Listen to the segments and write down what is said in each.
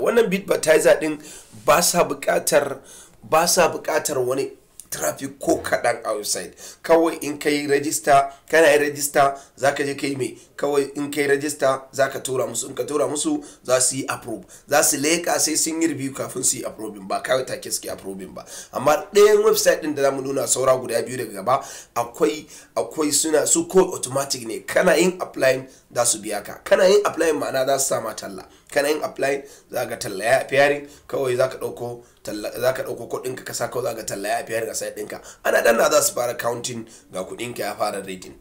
wannan bitbatizer din ba sa buƙatar ba sa buƙatar wani traffic ko kaɗan outside kawai in ka yi rajista kana yi rajista za ka je ka mai kawai in ka yi rajista za ka tura musu in ka tura musu za su yi approve za su leƙa sai sun yi review kafin su yi approving ba kawai take suke approving ba amma ɗayan website ɗin da za mu nuna saura guda biyu daga gaba akwai akwai suna su ko automatic ne kana yin applying za su biya ka kana yin applying ma'ana za su sama talla kana yin applying za ga talla ya yari kawai za ka ɗauko za ka ɗauko ka kawai za ga talla ya yari a sai ɗinka ana danna za su fara counting ga kuɗinka ya fara rating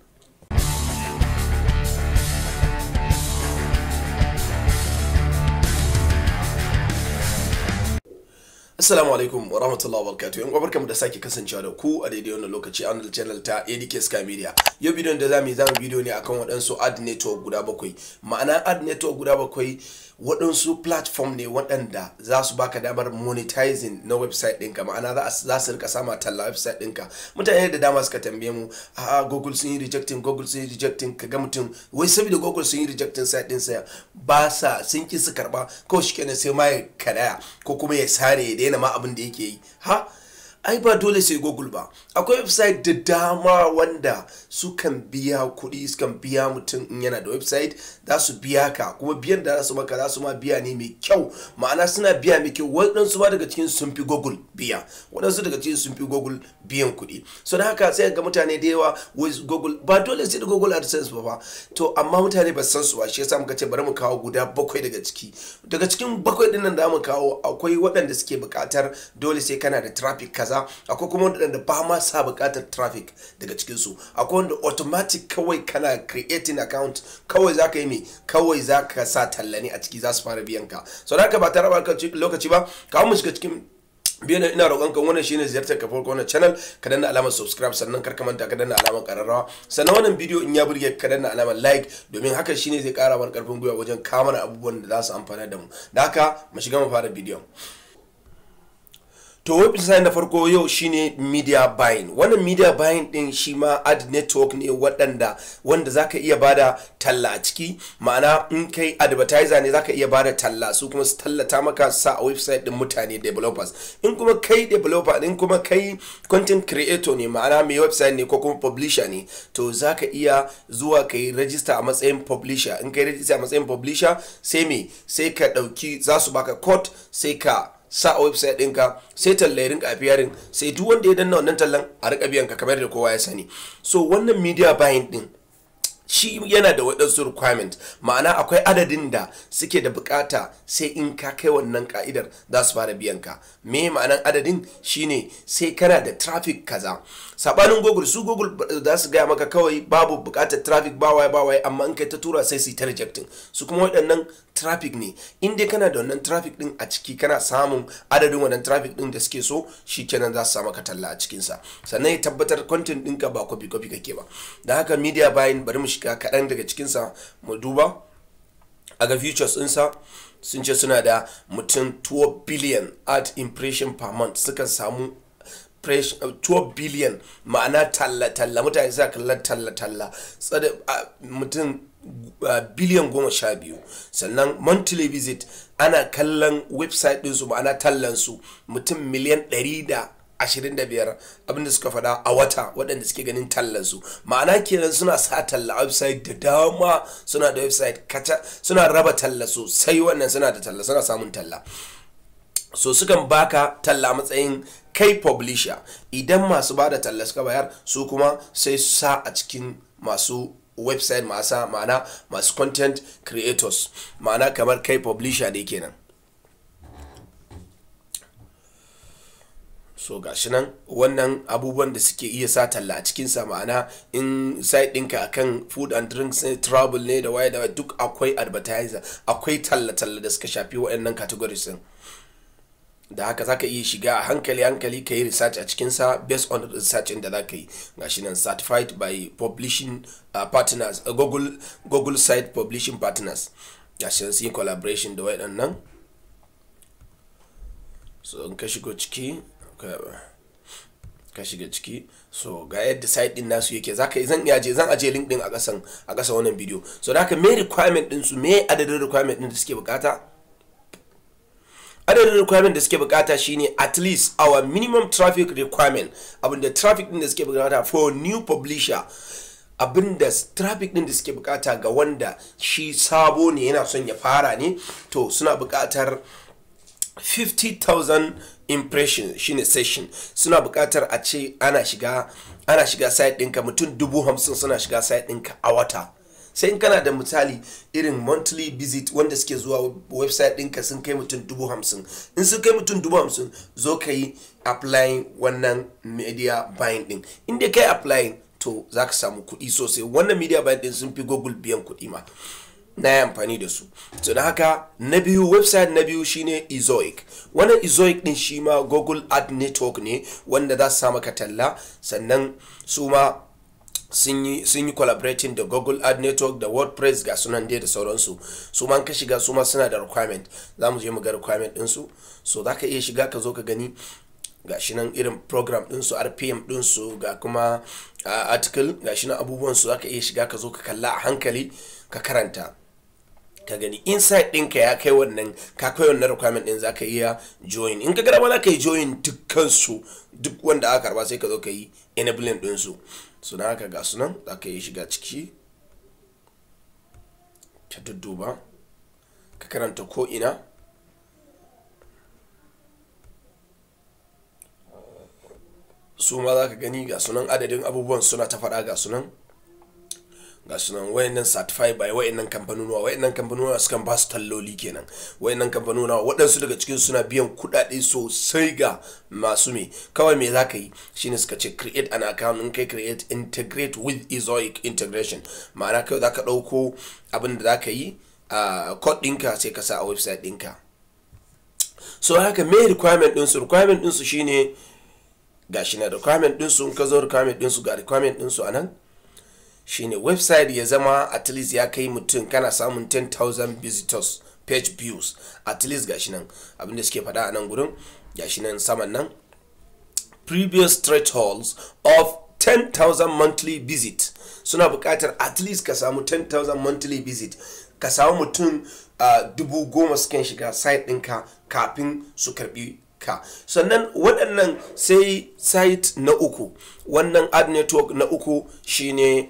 Assalamu alaikum wa rahmatullahi wa barakatuhu. Yan barkamu da sake kasancewa da ku a daidai wannan lokaci a wannan channel ta ADK Sky Media. Yau bidiyon da zamu yi zamu bidiyo ne akan waɗansu ad network guda bakwai. Ma'ana ad network guda bakwai waɗansu platform ne wadanda za su baka damar monetizing na website ɗinka ma'ana za su rika sama talla website ɗinka. Mutane da dama suka tambaye mu a Google sun yi rejecting Google sun yi rejecting kaga mutum wai saboda Google sun yi rejecting site ɗinsa ba sa sun ki su karba kawai shi kenan sai ma ya ko kuma ya sare ya daina ma abin da yake yi ha ai ba dole sai google ba akwai website da dama wanda sukan biya kuɗi kan biya mutum in yana da website za su biya ka kuma biyan da za su maka za su ma biya ne mai kyau ma'ana suna biya mai kyau waɗansu ba daga cikin sun fi google biya waɗansu daga cikin sun fi google biyan kuɗi so da haka sai ga mutane da yawa with google ba dole sai da google adsense ba ba to amma mutane ba san su ba shi yasa muka ce bari mu kawo guda bakwai daga ciki daga cikin bakwai ɗin nan da mu kawo akwai waɗanda suke buƙatar dole sai kana da traffic matasa akwai kuma wanda ba ma sa buƙatar traffic daga cikinsu akwai wanda automatic kawai kana creating account kawai za ka yi mai kawai za ka sa talla ne a ciki za su fara biyan ka so da ka ba tara ba lokaci ba kawo mu shiga cikin biyan ina roƙon kan wannan shine ziyartar ka farko wannan channel ka danna alamar subscribe sannan kar ka manta ka danna alamar ƙararrawa sannan wannan bidiyo in ya burge ka danna alamar like domin haka shine zai ƙara mana ƙarfin gwiwa wajen kamar abubuwan da za su amfana da mu da haka mu shiga mu fara bidiyon to website na farko yau shine media buying wannan media buying din shi ma ad network ne waɗanda wanda zaka iya bada talla a ciki ma'ana in kai advertiser ne zaka iya bada talla su kuma su tallata maka sa a website din mutane developers in kuma kai developer in kuma kai content creator ne ma'ana mai website ne ko kuma publisher ne to zaka iya zuwa kai register a matsayin publisher in kai register a matsayin publisher sai me sai ka ɗauki za su baka code sai ka sa a website ɗinka sai talla ya rinka afiyarin sai duk wanda ya danna wannan tallan a rika biyan ka kamar da kowa ya sani so wannan media buying din shi yana da waɗansu requirement ma'ana akwai adadin da suke da bukata sai in ka kai wannan ka'idar za su fara biyan ka me ma'anan adadin shine sai kana da traffic kaza sabanin google su google za su gaya maka kawai babu bukatar traffic bawai bawai amma in kai ta tura sai su yi ta rejecting su kuma waɗannan traffic ne in dai kana da wannan traffic din a ciki kana samun adadin wannan traffic din da suke so shi kenan za su samu ka talla a cikinsa sannan ya tabbatar content ɗinka ba kwafi kwafi kake ba da haka media buying bari mu bincika kaɗan daga cikinsa mu duba a ga futures ɗinsa sun ce suna da mutum 12 billion art impression per month suka samu 12 billion ma'ana talla-talla mutane suna kallon talla-talla mutum biliyan goma sha biyu sannan monthly visit ana kallon website ɗinsu ma'ana tallansu mutum miliyan ɗari da Ashirin da biyar abinda suka faɗa a wata waɗanda suke ganin su ma'ana kenan suna sa talla website da dama suna da website kata suna raba talla sosai wannan suna da talla suna samun talla so sukan baka talla matsayin kai publisher idan masu ba da talla suka bayar su kuma sai su sa a cikin masu website masa ma'ana masu content creators ma'ana kamar kai publisher ne kenan so gashi nan wannan abubuwan da suke iya sa talla a cikinsa ma'ana in site ɗinka akan food and drinks ne travel ne da waye da duk akwai advertiser akwai talla-talla da suka shafi waɗannan categories din da haka zaka iya shiga a hankali hankali ka yi research a cikinsa based on research da za ka yi gashi nan certified by publishing uh, partners uh, google, google site publishing partners gashi nan sun collaboration da waɗannan so in ka shigo ciki ka shiga ciki so ga yadda site din nasu yake zaka zan iya je zan aje link din a kasan a kasan wannan bidiyo so da haka me requirement din su me adadin requirement din da suke bukata adadin requirement da suke bukata shine at least our minimum traffic requirement abinda traffic din da suke bukata for new publisher abinda traffic din da suke bukata ga wanda shi sabo ne yana son ya fara ne to suna bukatar 50,000 impression shine session suna bukatar a ce ana shiga ana shiga site ɗinka mutum dubu hamsin suna shiga site ɗinka a wata sai in kana da misali irin monthly visit wanda suke zuwa website ɗinka sun kai mutum dubu hamsin in sun kai mutum dubu hamsin zo ka yi applying wannan media buying ɗin inda ka yi applying to za ka samu kuɗi sosai wannan media buying ɗin sun fi google biyan kuɗi ma na yi amfani da su to da haka na biyu website na biyu shine ezoic wannan ezoic din shi ma google ad network ne wanda za su samu ka talla sannan su ma sun yi collaborating da google ad network da wordpress ga sunan dai da sauransu su man ka shiga su ma suna da requirement za mu je mu ga requirement ɗinsu so za ka iya shiga ka zo ka gani ga shi irin program ɗinsu rpm ɗinsu ga kuma ah, article ga shi nan abubuwansu za ka iya shiga ka zo ka kalla a hankali ka karanta ka gani inside ɗinka ya kai wannan ka kai wannan requirement ɗin za ka iya join in ka gara ma za ka yi join dukkansu duk wanda aka karba sai ka zo ka yi enabling din su na haka ga sunan za ka yi shiga ciki ka dudduba ka karanta ko ina su ma za ka gani ga sunan adadin abubuwan suna ta faɗa ga sunan ga sunan wayannan certified by wayannan kamfanonuwa wayannan kamfanonuwa sukan ba su talloli kenan wayannan kamfanonuwa waɗansu daga cikin suna biyan kuɗaɗe sosai ga masu me kawai me za ka yi shine suka ce create an account in kai create integrate with ezoic integration ma'ana kai za ka ɗauko abin da za ka yi a code ɗinka sai ka sa a website ɗinka so haka me requirement ɗinsu requirement ɗinsu shine gashi na requirement ɗinsu in ka zo requirement ɗinsu ga requirement ɗinsu a nan shine website ya zama at least ya kai mutum kana samun 10,000 visitors page views at least gashi nan abinda suke fada a nan gurin gashi nan saman nan previous thresholds of 10,000 monthly visit suna bukatar at least ka samu 10,000 monthly visit ka samu mutum dubu goma sukan shiga site ɗinka kafin su karbi ka sannan waɗannan sai site na uku wannan ad network na uku shine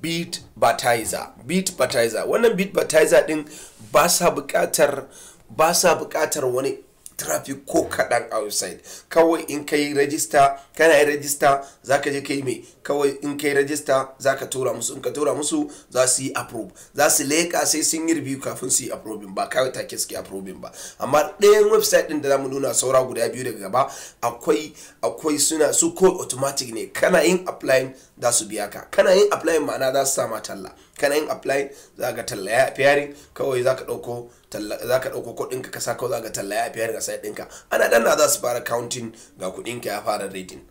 beat batizer beat batizer wannan beat batizer din ba sa bukatar ba sa bukatar wani traffic ko kaɗan outside kawai in kai register kana yi rajista za ka je ka mai kawai in kai register za ka tura musu in ka tura musu za su yi approve za su leka sai sun yi review kafin su yi approve ba kawai take suke approve ba amma ɗayan website ɗin da za mu nuna saura guda biyu daga gaba akwai akwai suna su ko automatic ne kana yin applying za su biya ka kana yin applying ma'ana za su sama talla kana yin applying za ka talla ya kawai za ka ɗauko za ka ɗauko kuɗinka ka sa kawai za ka talla ya fi ga sai ɗinka ana ɗan na za su fara counting ga kuɗin ka ya fara rating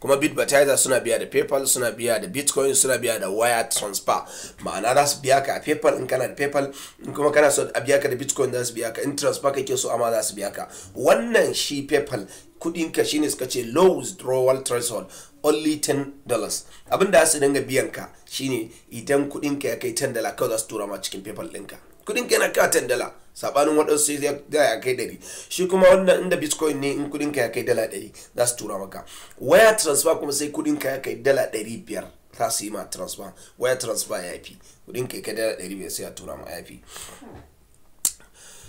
kuma bitbatizer suna biya da paypal suna biya da bitcoin suna biya da wire transfer ma'ana za su biya ka a paypal in kana da paypal in kuma kana so a biya ka da bitcoin za su biya ka in transfer kake so amma za su biya ka wannan shi paypal kudin ka shine suka ce low withdrawal threshold only 10 dollars abin da su dinga biyan ka shi ne idan kudin ka ya kai 10 dala kawai za su tura ma cikin paypal ɗinka kudin ka yana kawai 10 dala sabanin waɗansu da ya kai ɗari shi kuma wannan inda bitcoin ne in kudinka ya kai dala ɗari za su tura maka waya transfer kuma sai kudinka ya kai dala ɗari biyar za su yi ma transfer waya transfer ya fi kudinka ya kai dala ɗari biyar sai ya tura ma ya fi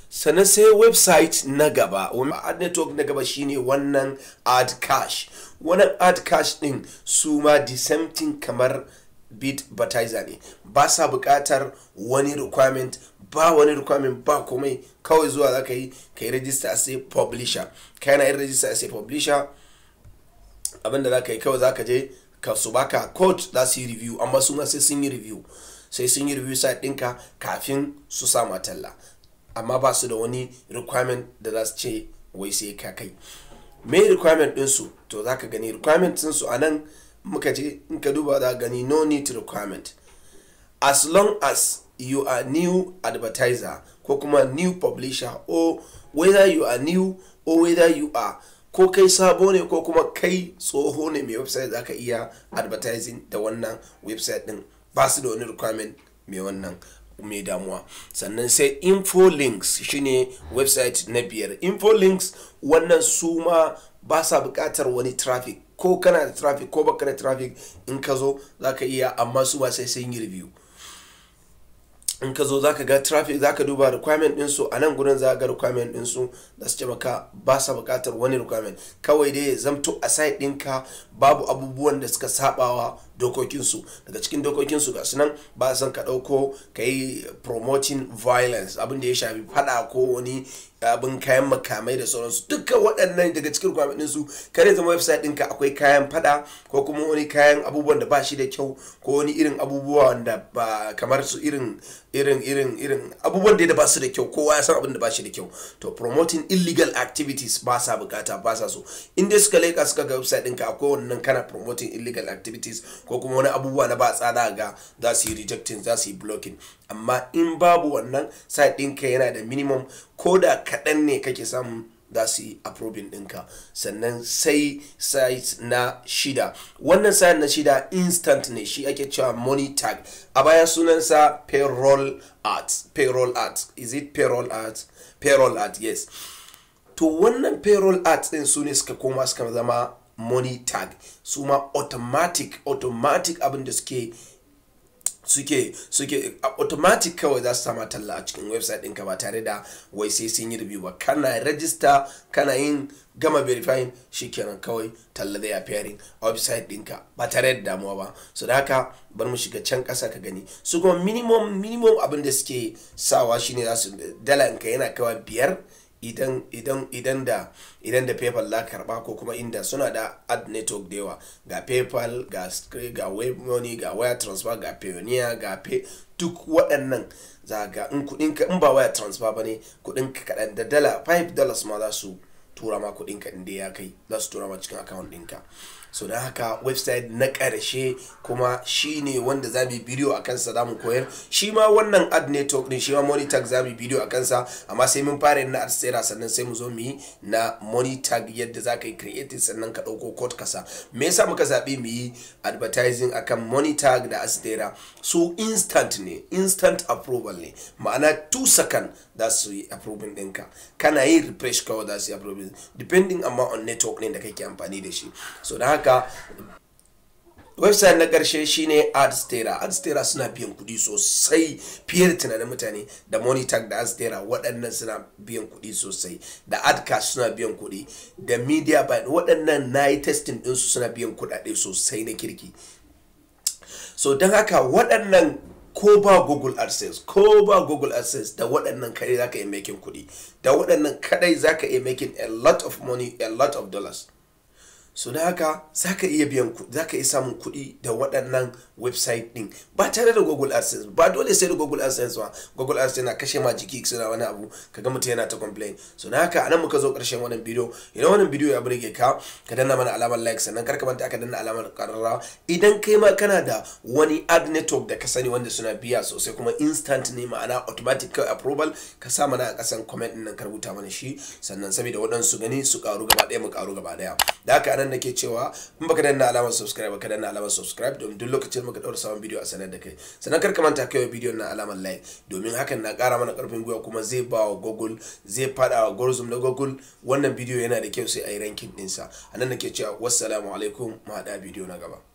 sannan sai website na gaba ad network na gaba shine wannan ad cash wannan ad cash din su ma the kamar bit batizer ne ba sa buƙatar wani requirement ba wani requirement ba komai kawai zuwa za ka yi ka yi a sai publisher ka yana yin as a publisher abinda za ka yi kawai za ka je ka su baka code za su yi review amma su sai sun yi review sai sun yi review site dinka kafin su sa talla amma ba su da wani requirement da za su ce wai sai ka kai me requirement ɗinsu to za ka gani requirement ɗinsu a nan muka ce in ka duba za gani no need requirement as long as you are new advertiser ko kuma new publisher or whether you are new or whether you are ko kai sabo ne ko kuma kai tsoho ne mai website za ka iya advertising da wannan website din ba su da wani requirement mai wannan mai damuwa sannan sai info links shine website na biyar info links wannan su ma ba sa bukatar wani traffic ko kana da traffic ko baka da traffic in ka zo za ka iya amma su ba sai sun yi review in ka zo za ka ga traffic ka duba requirement din su a nan gudun za ga requirement din su da su ce maka ba sa bukatar wani requirement kawai dai zamto a site ɗinka babu abubuwan da suka sabawa dokokinsu daga cikin dokokinsu ga sunan ba san ka ɗauko ka yi promoting violence abin da ya shafi fada ko wani abin kayan makamai da sauransu dukkan waɗannan daga cikin kwamitin kare zama website ɗinka akwai kayan faɗa ko kuma wani kayan abubuwan da ba shi da kyau ko wani irin abubuwa da ba kamar su irin irin irin abubuwan da ba su da kyau kowa ya san abin da ba shi da kyau to promoting illegal activities ba sa bukata ba sa so in dai suka leƙa suka ga website ɗinka akwai wannan kana promoting illegal activities ko kuma wani abubuwa na ba tsada ga za su yi rejecting za su yi blocking amma in babu wannan site ɗinka yana da minimum ko da kaɗan ne kake samun za su yi approving ɗinka sannan sai site na shida wannan site na shida instant ne shi ake cewa money tag a baya sunansa payroll art payroll art is it payroll art payroll art yes to wannan payroll art ɗin su ne suka koma suka zama money tag su ma automatic automatic abin da suke suke suke automatic kawai za su sama talla a cikin website ɗinka ba tare da wai sai sun yi review ba kana register kana yin gama verifying shikenan kawai talla zai appearing a website ɗinka ba tare da damuwa ba su da haka bar mu shiga can ƙasa ka gani su kuma minimum minimum abin da suke sawa shine za su dala ka yana kawai biyar idan da paypal la karba ko kuma inda suna da ad network da yawa ga paypal ga ga money ga wire transfer ga payoneer ga pay duk waɗannan za ga in kuɗin ka in ba wire transfer ne kuɗin ka kaɗan da dala 5 dollars ma za su tura ma kuɗin ka inda ya kai za su tura ma cikin account ɗinka so da haka website na karshe kuma shi ne wanda za mu bidiyo a kansa za mu koyar shi ma wannan ad network ne shi ma money tag za mu bidiyo a kansa amma sai mun fara na ad sera sannan sai mu zo mu yi na money tag yadda za ka yi creative sannan ka ɗauko code kasa me yasa muka zaɓi mu yi advertising akan money tag da astera su instant ne instant approval ne ma'ana 2 second za su yi approving ɗinka kana yi refresh kawai za su yi approving depending amma on network ne da kake amfani da shi so da haka haka website na karshe shine adstera adstera suna biyan kuɗi sosai fiye da tunanin mutane da monitor da adstera waɗannan suna biyan kuɗi sosai da adka suna biyan kuɗi da media by waɗannan na yi testing ɗinsu suna biyan kuɗaɗe sosai na kirki so don haka waɗannan ko ba google adsense ko ba google adsense da waɗannan kadai zaka iya making kuɗi da waɗannan kadai zaka iya making a lot of money a lot of dollars so da haka za ka iya biyan za ka iya samun kuɗi da waɗannan website ɗin ba tare da google adsense ba dole sai da google adsense ba google adsense na kashe ma jiki suna wani abu ka ga mutum yana ta complain so da haka anan muka zo ƙarshen wannan bidiyo idan wannan bidiyo ya burge ka ka danna mana alamar like sannan kar ka manta ka danna alamar karara idan kai ma kana da wani ad network da ka sani wanda suna biya sosai kuma instant ne ma'ana automatic approval ka sa mana a ƙasan comment ɗin nan ka rubuta mana shi sannan saboda waɗansu gani su ƙaru gaba ɗaya mu ƙaru gaba ɗaya da haka nan ke cewa in baka danna alamar subscribe baka danna alamar subscribe domin duk lokacin muka daura sabon bidiyo a sanar da kai sannan kar ka manta kai wa bidiyon na alamar like domin hakan na kara mana karfin gwiwa kuma zai ba wa google zai fada wa gorzum na google wannan bidiyo yana da kyau sai a yi ranking dinsa a nan nake cewa wassalamu alaikum mu haɗa bidiyo na gaba